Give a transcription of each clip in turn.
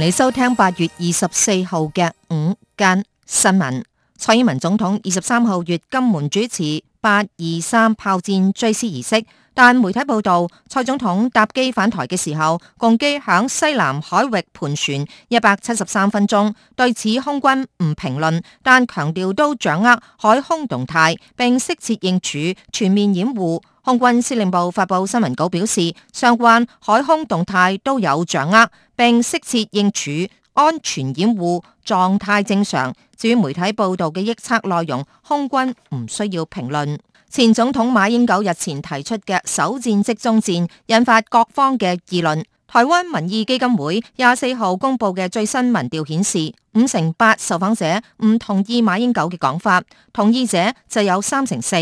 你收聽八月二十四號嘅午間新聞。蔡英文總統二十三號月金門主持八二三炮戰追思儀式。但媒體報道蔡總統搭機返台嘅時候，共機響西南海域盤旋一百七十三分鐘。對此，空軍唔評論，但強調都掌握海空動態並適切應處全面掩護。空軍司令部發布新聞稿表示，相關海空動態都有掌握並適切應處，安全掩護狀態正常。至於媒體報導嘅臆測內容，空軍唔需要評論。前總統馬英九日前提出嘅“首戰即終戰”引發各方嘅議論。台灣民意基金會廿四號公布嘅最新民調顯示，五成八受訪者唔同意馬英九嘅講法，同意者就有三成四。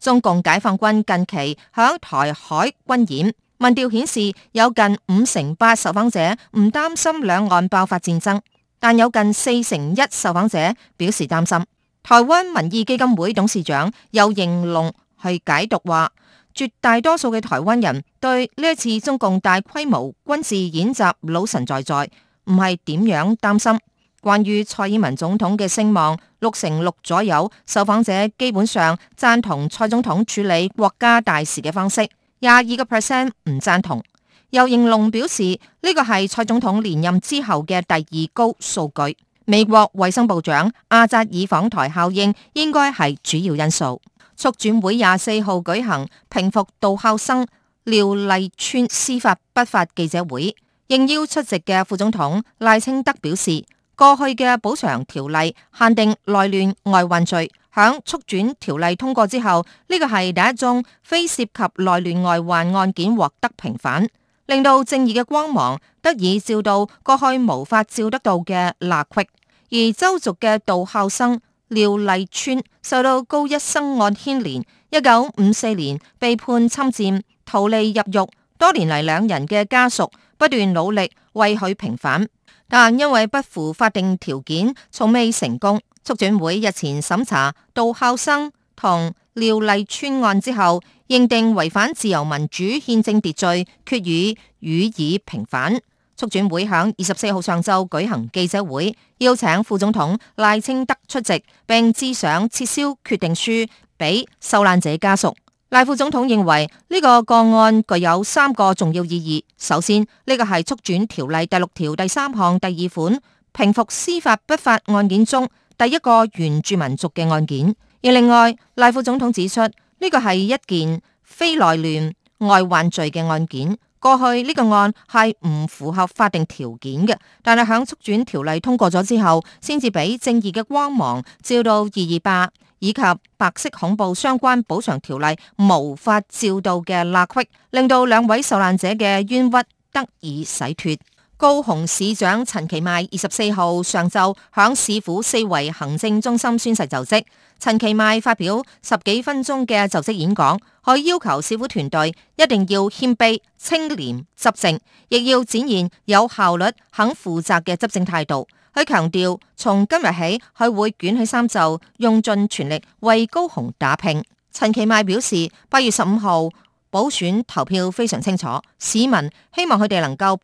中共解放軍近期響台海軍演，民調顯示有近五成八受訪者唔擔心兩岸爆發戰爭，但有近四成一受訪者表示擔心。台灣民意基金會董事長游盈龍係解讀話，絕大多數嘅台灣人對呢一次中共大規模軍事演習老神在在，唔係點樣擔心。關於蔡英文總統嘅聲望，六成六左右受訪者基本上贊同蔡總統處理國家大事嘅方式，廿二個 percent 唔贊同。游盈龍表示，呢個係蔡總統連任之後嘅第二高數據。美國衛生部長阿扎爾訪台效應應該係主要因素。促轉會廿四號舉行平復杜孝生、廖麗川司法不法記者會，應邀出席嘅副總統賴清德表示，過去嘅補償條例限定內亂外患罪，響促轉條例通過之後，呢個係第一宗非涉及內亂外患案件獲得平反，令到正義嘅光芒得以照到過去無法照得到嘅納域。而鄒族嘅杜孝生、廖麗川受到高一生案牽連，一九五四年被判侵占、逃離入獄，多年嚟兩人嘅家屬不斷努力為佢平反，但因為不符法定條件，從未成功。促轉會日前審查杜孝生同廖麗川案之後，認定違反自由民主憲政秩序，決議予以平反。促轉會喺二十四號上晝舉行記者會，邀請副總統賴清德出席，並致上撤銷決定書俾受難者家屬。賴副總統認為呢個個案具有三個重要意義。首先，呢個係促轉條例第六條第三項第二款平復司法不法案件中第一個原住民族嘅案件。而另外，賴副總統指出呢個係一件非內亂外患罪嘅案件。過去呢個案係唔符合法定條件嘅，但係喺速轉條例通過咗之後，先至俾正義嘅光芒照到二二八以及白色恐怖相關補償條例無法照到嘅罅隙，令到兩位受難者嘅冤屈得以洗脫。高雄市長陳其邁二十四號上晝響市府四維行政中心宣誓就職。陳其邁發表十幾分鐘嘅就職演講，佢要求市府團隊一定要謙卑、清廉、執政，亦要展現有效率、肯負責嘅執政態度。佢強調，從今日起，佢會捲起三袖，用盡全力為高雄打拼。陳其邁表示，八月十五號補選投票非常清楚，市民希望佢哋能夠。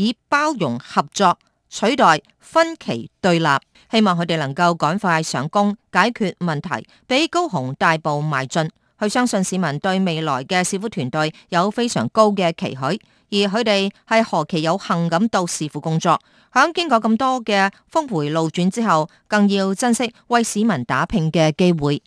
以包容合作取代分歧對立，希望佢哋能夠趕快上工解決問題，俾高雄大步邁進。佢相信市民對未來嘅市府團隊有非常高嘅期許，而佢哋係何其有幸咁到市府工作，響經過咁多嘅峰回路轉之後，更要珍惜為市民打拼嘅機會。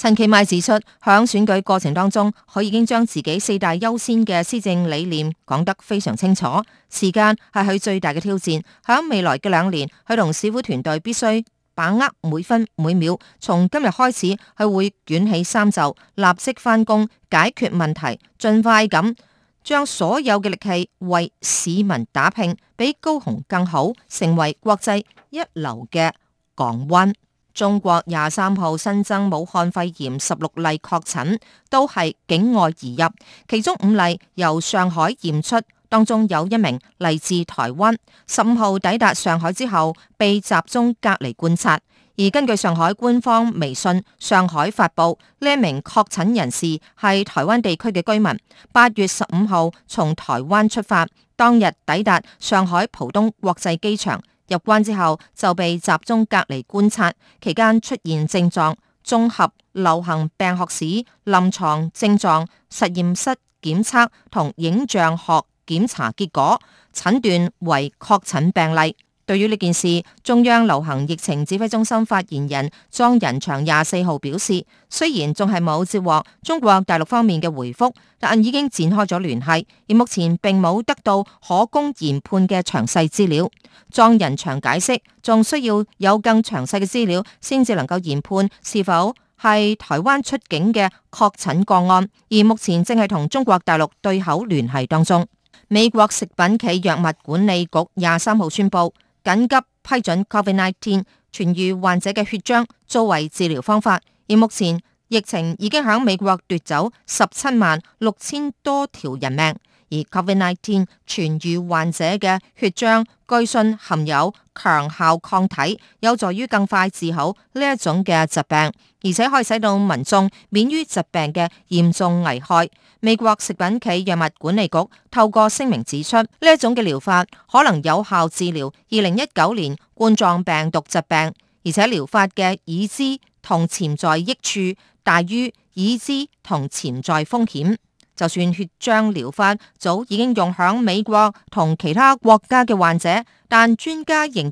陳其邁指出，響選舉過程當中，佢已經將自己四大優先嘅施政理念講得非常清楚。時間係佢最大嘅挑戰，響未來嘅兩年，佢同市府團隊必須把握每分每秒。從今日開始，佢會捲起衫袖，立即翻工，解決問題，盡快咁將所有嘅力氣為市民打拼，比高雄更好，成為國際一流嘅港灣。中國廿三號新增武漢肺炎十六例確診，都係境外移入，其中五例由上海驗出，當中有一名嚟自台灣。十五號抵達上海之後，被集中隔離觀察。而根據上海官方微信上海發布，呢一名確診人士係台灣地區嘅居民，八月十五號從台灣出發，當日抵達上海浦東國際機場。入關之後就被集中隔離觀察，期間出現症狀、綜合流行病學史、臨床症狀、實驗室檢測同影像學檢查結果，診斷為確診病例。對於呢件事，中央流行疫情指揮中心發言人莊人祥廿四號表示，雖然仲係冇接獲中國大陸方面嘅回覆，但已經展開咗聯繫，而目前並冇得到可供研判嘅詳細資料。莊人祥解釋，仲需要有更詳細嘅資料先至能夠研判是否係台灣出境嘅確診個案，而目前正係同中國大陸對口聯繫當中。美國食品暨藥物管理局廿三號宣布。緊急批准 COVID-19 痊愈患者嘅血漿作為治療方法，而目前疫情已經喺美國奪走十七萬六千多條人命。而 Covid nineteen 痊愈患者嘅血漿，據信含有強效抗體，有助於更快治好呢一種嘅疾病，而且可以使到民眾免於疾病嘅嚴重危害。美國食品暨藥物管理局透過聲明指出，呢一種嘅療法可能有效治療二零一九年冠狀病毒疾病，而且療法嘅已知同潛在益處大於已知同潛在風險。就算血漿療法早已經用響美國同其他國家嘅患者，但專家仍然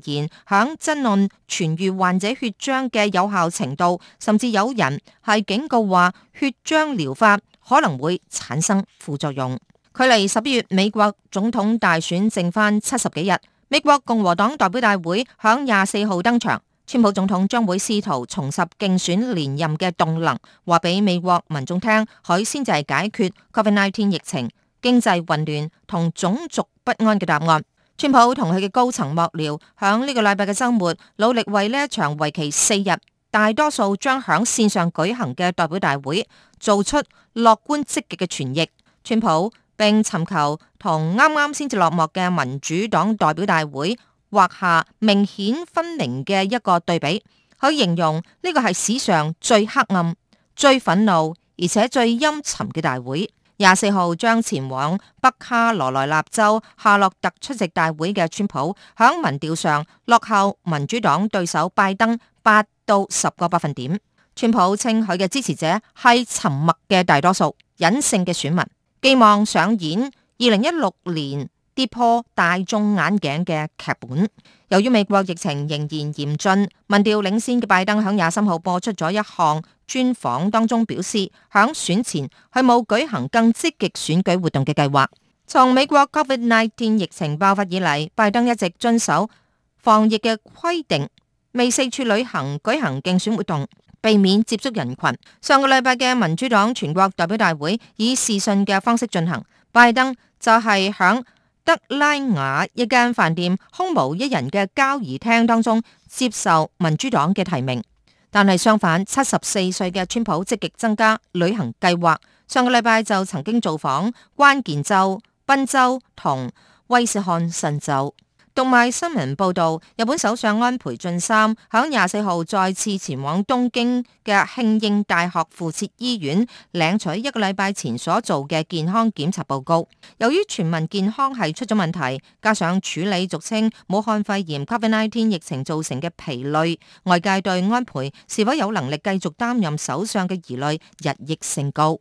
響爭論痊癒患者血漿嘅有效程度，甚至有人係警告話血漿療法可能會產生副作用。距離十一月美國總統大選剩翻七十幾日，美國共和黨代表大會響廿四號登場。川普總統將會試圖重拾競選連任嘅動能，話俾美國民眾聽，佢先至就係解決 COVID-19 疫情、經濟混亂同種族不安嘅答案。川普同佢嘅高層幕僚響呢個禮拜嘅週末，努力為呢一場為期四日、大多數將響線上舉行嘅代表大會做出樂觀積極嘅傳譯。川普並尋求同啱啱先至落幕嘅民主黨代表大會畫下明顯分明嘅一個對比，可以形容呢個係史上最黑暗、最憤怒而且最陰沉嘅大會。廿四號將前往北卡羅來納州夏洛特出席大會嘅川普，響民調上落後民主黨對手拜登八到十個百分點。川普稱佢嘅支持者係沉默嘅大多數、隱性嘅選民，寄望上演二零一六年。跌破大眾眼鏡嘅劇本。由於美國疫情仍然嚴峻，民調領先嘅拜登響廿三號播出咗一項專訪當中表示，響選前佢冇舉行更積極選舉活動嘅計劃。從美國 COVID-19 疫情爆發以嚟，拜登一直遵守防疫嘅規定，未四處旅行、舉行競選活動，避免接觸人群。上個禮拜嘅民主黨全國代表大會以視訊嘅方式進行，拜登就係響。德拉瓦一間飯店空無一人嘅交誼廳當中接受民主黨嘅提名，但係相反，七十四歲嘅川普積極增加旅行計劃，上個禮拜就曾經造訪關鍵州賓州同威斯康辛州。同埋新聞報導，日本首相安倍晉三響廿四號再次前往東京嘅慶應大學附設醫院領取一個禮拜前所做嘅健康檢查報告。由於全民健康係出咗問題，加上處理俗稱武漢肺炎 （Covid-19） 疫情造成嘅疲累，外界對安倍是否有能力繼續擔任首相嘅疑慮日益升高。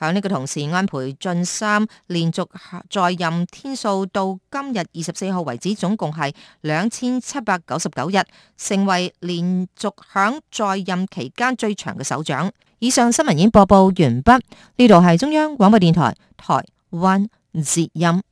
喺呢個同時，安倍晉三連續在任天數到今日二十四號為止，總共係兩千七百九十九日，成為連續響在，在任期間最長嘅首相。以上新聞已經播報完畢，呢度係中央廣播電台台灣之音。